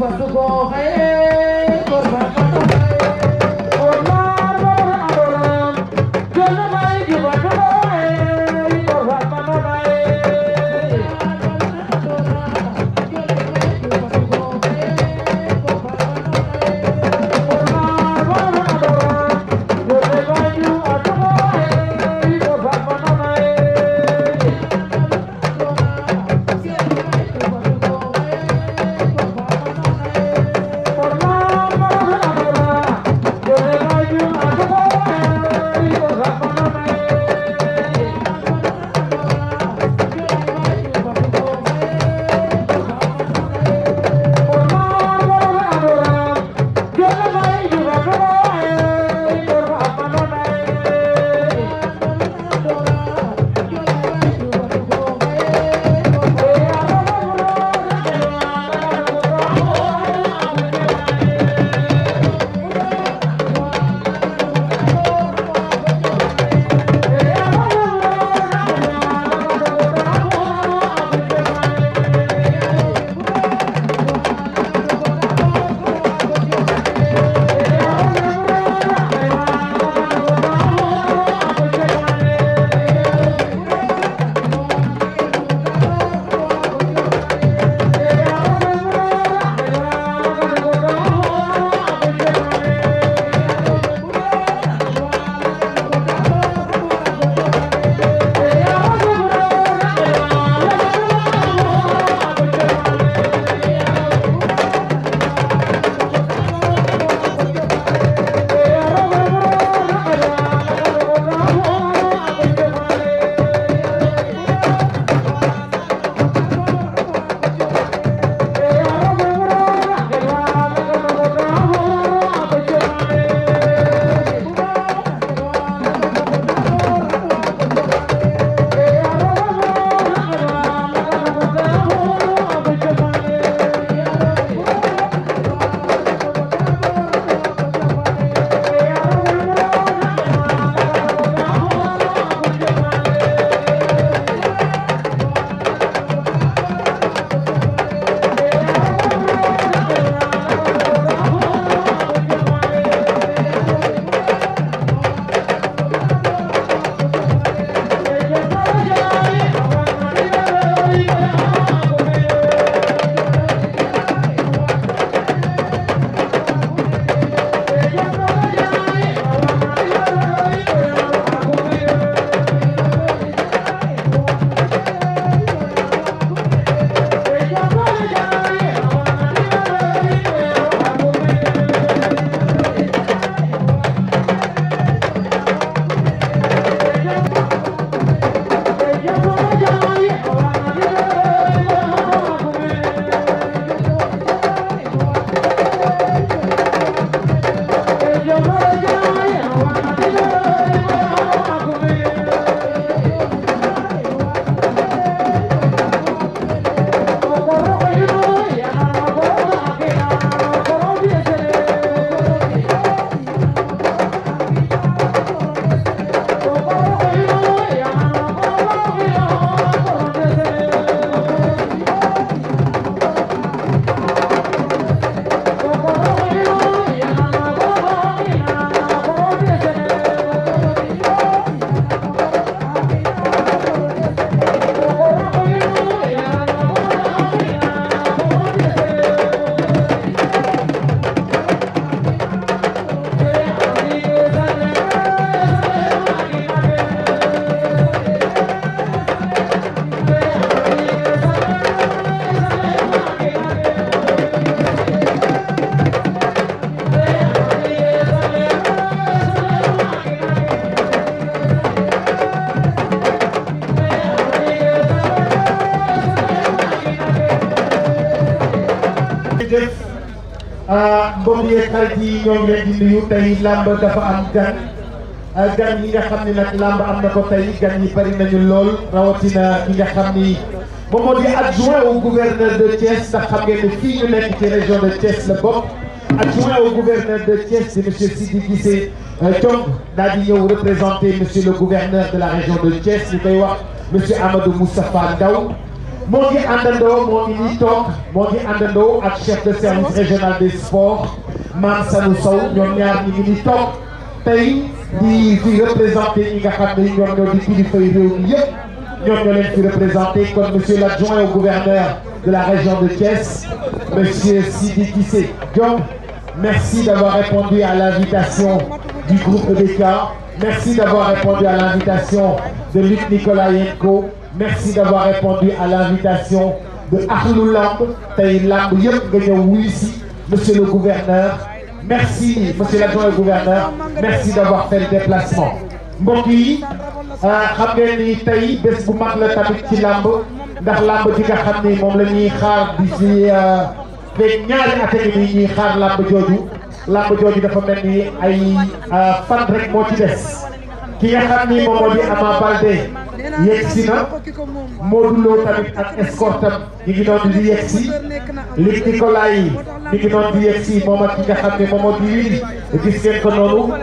Super, super, hey! mbokk yeeg xarit yi ñoo ngi leen di nuyu tey làmb dafa am gan ah, gan yi nga xam ni nag làmb am na ko tey gan yi bari nañu lool rawatina ki nga xam ni moom moo di adjoint au gouverneur de Thiès ndax xam ngeen ne fii ñu nekk ci région de Thiès la bokk adjoint au gouverneur de Thiès di monsieur Sidi Guissé euh, Thiong daal di ñëw représenter monsieur le de la région de Thiès ñu koy wax monsieur Amadou Moustapha Ndaw Mon Dieu mon mon ngi Andando, chef de service régional des sports Mame Saliou Sow y ñaar ñi militants pays, toog di fi représenté ñi nga xam ne ñoom di représenté comme monsieur l'adjoint au gouverneur de la région de Thiès monsieur Sidi Kissé merci d'avoir répondu à l'invitation du groupe Bécard. Merci d'avoir répondu à l'invitation de Luc Nicolayenko. Merci d'avoir répondu à l'invitation de Arlou Lamb. Taï monsieur le gouverneur. Merci, monsieur l'adjoint le gouverneur. Merci d'avoir fait le déplacement. mbokk yi ah, xam ngeen ni tey bés bu mag la tamit ci làmb ndax làmb ji nga xam la ñuy xaar làmb jooju dafa mel ni ay euh, fan rek moo ci des ki nga xam ni moom moo di Ama Baldé yegg si na Modou Lo tamit ak escorte ki nga xam ne moom moo di Wili gis ngeen ko noonu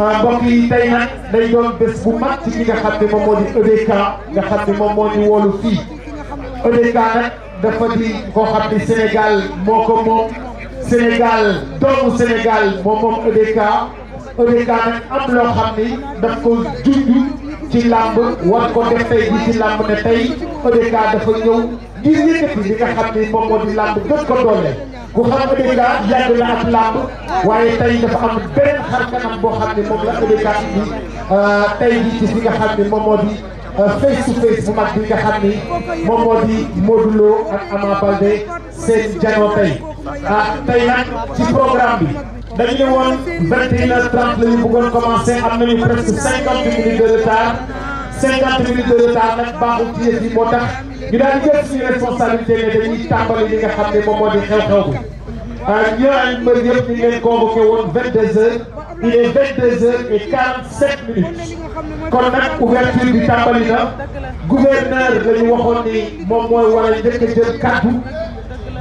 euh, mbokk yi tey nag day doon bés bu mag ci nga xam ne moom moo di EDK nga xam ne moom moo ñu woolu fii EDK nag dafa di koo xam ne Sénégal moo ko moom. Sénégal doomu Sénégal moom moom EDK EDK nag am loo xam ni daf ko junj ci làmb war ko def tey bi ci làmb ne tey EDK dafa ñëw ngir yëkkati li nga xam ni moom moo di làmb gën ko doole ku xam EDK yàgg la ak làmb waaye tey dafa am benn xar kanam boo xam ni moom la EDK bi euh, tey bi ci li nga xam ni moom moo di face to face bu mag bi nga xam ni moom moo di Modou Lo ak Ama seen janoo tey ah tey nag ci programme bi dañu ne woon vingt et une heures trente la ñu bëggoon commencé am nañu presque cinquante de retard cinquante minutes de retard nag baaxul daal jël suñu responsabilité ne dañuy tàmbali li nga xam ne moom moo di xew-xew bi. ñooñu ah, mbër yëpp ñu ngi leen convoqué woon vingt deux heures il est vingt deux heures et quarante sept minutes kon nag ouverture bi tàmbali na gouverneur la ni moom mooy war a kaddu.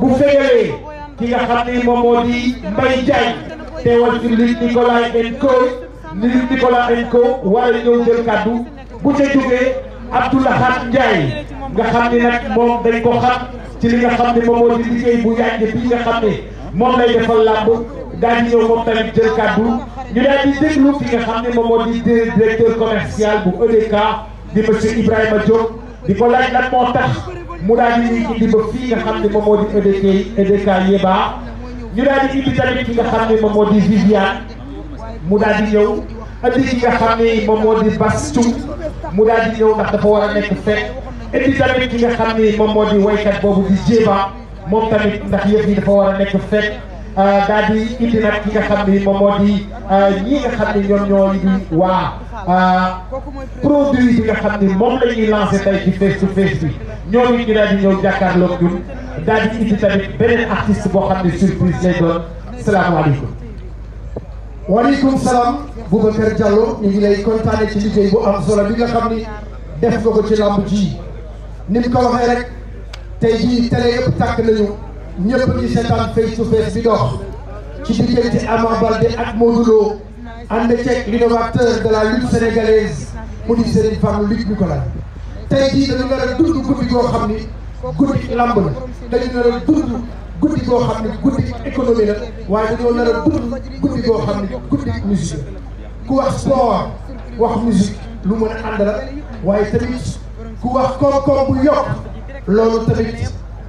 bu fegalee ki nga xam ne moom moo di Mbaye Ndiaye teewal ci Luc Nicolas Enko Luc Nicolas Enko war a ñëw nga xam ne nag moom dañ ko xam ci li nga xam ne moom moo di liggéey bu yàgg bi nga xam ne moom lay defal làmb daal di ñëw moom tamit jël kàddu ñu daal di déglu ki nga xam ne moom moo di directeur commercial bu EDK di monsieur Ibrahima Diop di ko laaj lan moo tax. mu daal di ñuy indi ba fii nga xam ne moom moo di EDK EDK Yeba ñu daal di indi tamit ki nga xam ne moom moo di Viviane mu daal di ñëw indi nga xam ne moom moo di Bass mu daal di ndax dafa war a nekk fekk indi tamit ki nga xam ne moom moo di waykat boobu di Jéba moom tamit ndax yëf yi dafa war a nekk fekk. Ah, daal di indi nag ki nga xam ni moom moo di ah, ñii nga xam ni ñoom ñoo di waa ah, produit bi nga xam ni moom la ñuy lancé tey ci face to face bi ñoom it ñu daal di ñëw jàkkaarloog ñun daal di indi tamit beneen artiste xam ne surprise lay doon salaamaaleykum. waaleykum salaam Boubacar Diallo ñu ngi kontaane ci liggéey bu am solo bi nga xam ni def nga ko ci làmb ji ni mu ko waxee rek tey jii télé yëpp tàkk ñëpp di seetaan face to face bi dox ci diggante Ama Baldé ak Modou Lo ànd ceeg l'innovateur de la lutte sénégalaise mu di Serigne Fallou Luc Nicolaï tey jii dañu nar a dund guddi goo xam ni guddi lamb la dañu nar a dund guddi goo xam ni guddi économie la waaye dañoo nar a dund guddi goo xam ni guddi musique ku wax sport wax musique lu mën a ànd la waaye tamit ku wax koom-koom bu yokk loolu tamit.